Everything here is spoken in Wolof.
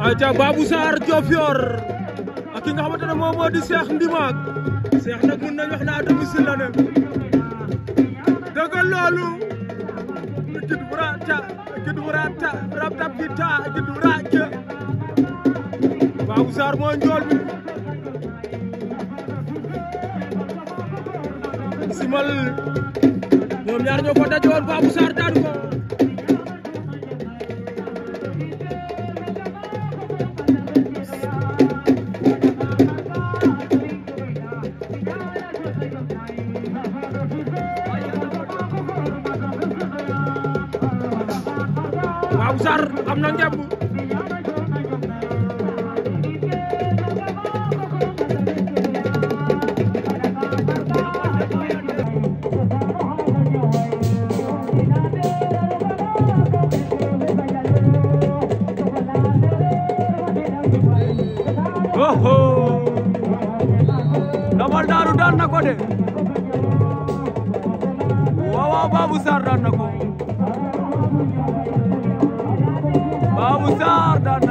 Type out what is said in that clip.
aca Babou Sarr Diofior ak ki nga xamante ne moom moo di Cheikh Ndimak Cheikh nag mën nañ wax na domicile la ne dëgg loolu gidwura ta gidwura ta rabtab gi ta gidwura ca Babou Sarr moo njool bi simal ñoom ñaar ñoo dajoon Babou Sarr daan Dame Sarr am na ngemb Ndombol Daaru daan na ko de waaw waaw Babou ko مساعدة